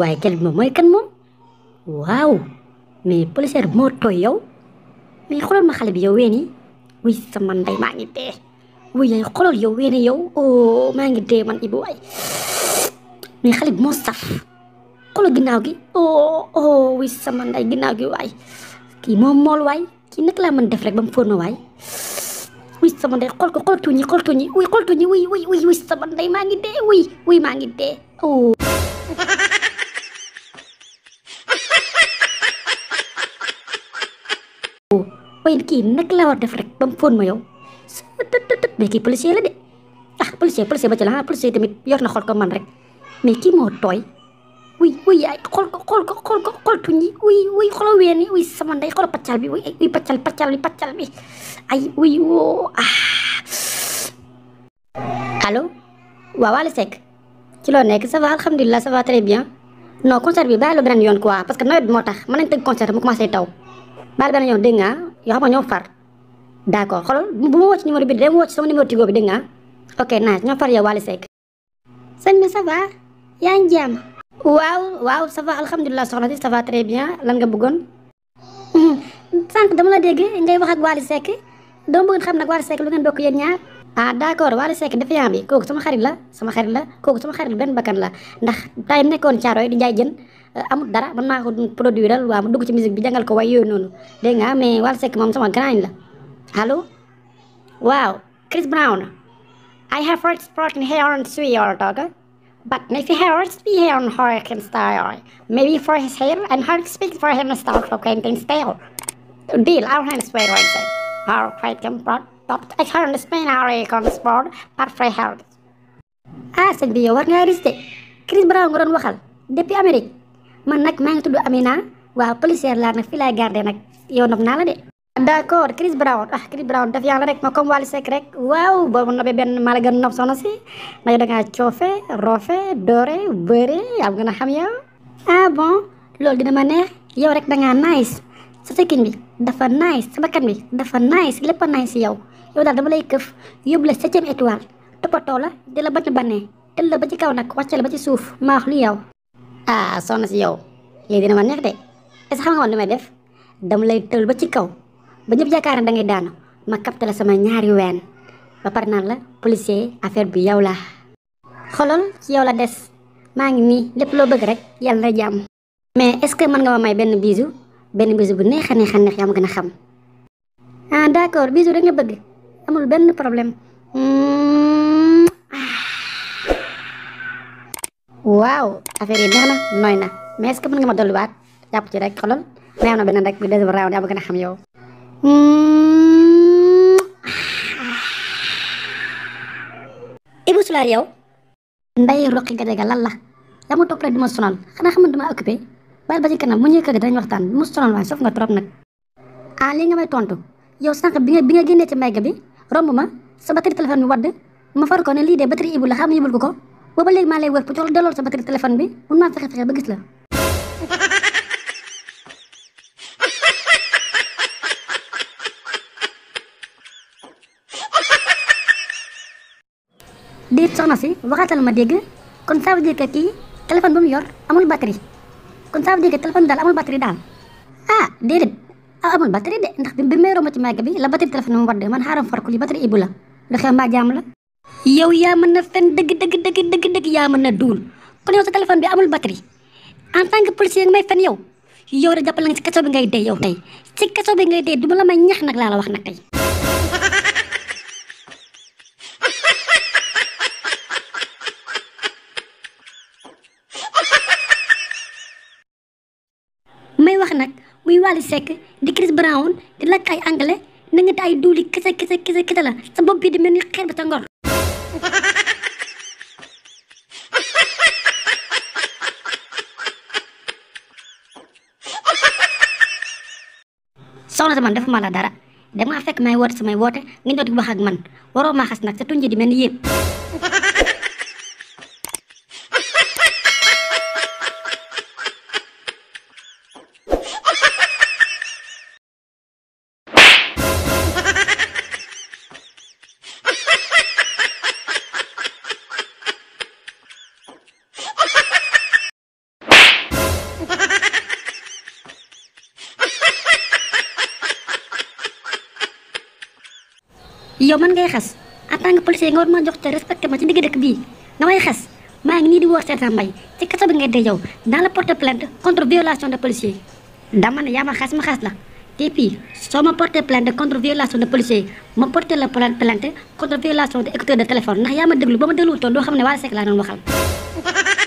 waaye jalib moom mooy kan moom waaw mais policier moo yow mais xoolal ma xale bi yow ween yi wuy sama ndey maa ngi dee wuy yaay xoolal yow weeni yow o maa ngi dee man Ibou waay mais xale bi sax saf xoolal ginnaaw gi o o wuy sama ndey ginnaaw gi waay kii moom mool waay kii nag la mën def rek ba mu fóon sama ndey xool ko xool tuñi kol tuñi wuy xool tuñi wuy wuy ui ui ui ndey maa ngi dee wuy wuy maa ngi oh. waaye kini nag laa war def rek ba mu fóon ah polisi polisi macam lah Polisi demi biar nak kol na xool ko man rek Wui wui ay kol kol kol kol kol bunyi xool wui kalau uy ini xoolal ween kalau pecel bi wui uy eh, pecel paccal bi pecel bi ay uy wo ah. Halo, waaw Wally Seck ci loo nekk ça va alhamdulilah ça va très bien no konser bi bàyyi la beneen yoon quoi parce que nawet bi moo tax mën nañ tëgg concert mu commencé taw bàyyi la yon yoon nga yo xam nga ñoo far d' accord xoolal bu ma woo ci numéro bi dama woo ci sama numéro tigo bi dégg nga ok na ñoo far yow Wally Seck sen bi ça va yaa Wow, wow, ça va alhamdulilah soxna si ça va très bien lan nga bëggoon. sànq dama la dégg ngay wax ak wali Seck dama bëggoon xam nag wali Seck lu ngeen bokk yéen ñaar. ah d' accord Wally Seck dafa yaam bi kooku sama xarit la sama xarit la kooku sama xarit benn bakkan la ndax tay nekkoon caaroy di jaay jën euh, amul dara man produit dal mu dugg ci musique bi jàngal ko way yooyu noonu dégg nga mais wali Seck moom sama grand la allo waaw Chris Brown I have heard spoken here on Sweet Talk But Missy Harold here on Hurricane Style. Maybe for his hair, and Hulk speaks for him to start for Quentin Style. Deal, our hands were raised. Our quite comfort, but I turned spin our icons board, but for Harold. Asan bi yow war ngaa risté Chris Brown nga Wachal, waxal America. Amérique man nag maa ngi tudd Amina waaw policière laa nag fii laay gardé nag yow nag naa de d'accord Chris Brown ah Chris Brown def yang rek ma wali sekrek, wow, rek waaw boo malagan noppee benn maa la gën si ndax da ngaa coofe rofe dore, bere, ya gën ham xam ah bon lo di mana ya? yow rek nice sesekin bi dafa nice sa bi dafa nice Lepa pun nice ya, yow daal dama lay këf yóbbu la septième étoile toppatoo dia di la dia lebat jika nak la dia lebat suf, nag ah soxna si yow Lady di mana ya de est-ce que xam nga woon ba ñëpp yaakaar ne da ngay daanu ma capté la sama ñaari ween ba pare naan la policier affaire bi yow la xolol ci yow la des maa ngi nii lépp loo bëgg rek yàlla na jàmm mais est ce que mën nga ma may benn bisu benn bisu bu kan neex neex neex ma xam ah d' accord bisu rek nga bëgg amul benn problème hmm, ah. waaw affaire yi neex na mais est ce que mën nga ma dolliwaat jàpp ci rek xolol mais am na rek bi xam yow Hmm. ibu Sulario, yow nday roqi nga dégal to la yaa ma topp rek di ma sonal xanaa xam dama occupé bàyyil ba ci kanam mu ñëw kër ga dañ waxtaan mu sonal waaye soof nga trop nag ah lii nga may tontu yow sànq bi nga bi nga génnee ci mbéyga bi romb ma sa batterie téléphone bi ma far ko ne lii de batterie ibu la xam yëbul ko ko booba léegi maa lay wër pour sa batterie téléphone bi mun maa fexe fexe ba gis la di soxna si waxaatal ma dégg kon ça veut dire yor amul bateri, kon ça veut dire amul bateri dam ah déedéet ah, amul bateri de ndax bi ma yoroo ma ci màgg bi la batterie téléphone wadde man xaaram farku li batterie ibu la lu xew jam jaam la yow yaa mën fen dëgg dëgg ya dul kon yow bi amul bateri. en tant que policier main may fen yow yow de jàppal nga ci kaso bi ngay dee yow tey ci kaso bi ngay dee du la may ñax nak wax nag muy wali sek di Chris Brown di la kay anglais na nga ay duuli kessa kessa kessa kese la sa bop bi di melni xerba ta ngor soxna sama def mala dara dama fek may wote sama wote ngi ñëw wax ak man waro ma xass nak sa tunji di melni yeb yow man ngay xas en tant que policier nga war ma jox te respecté ma ci digg dëkk bii nga may xas maa nii di wóor seetaan mbay ci kaso bi ngay dee yow dans la porte plainte contre violation de policier dama ne yaa ma xas ma xas la te puis soo ma porté plainte contre violation de policier ma porté la plainte contre violation de écouteur de téléphone ndax yaa ma déglu ba ma dégluwutoon doo xam ne waa Seck laa doon waxal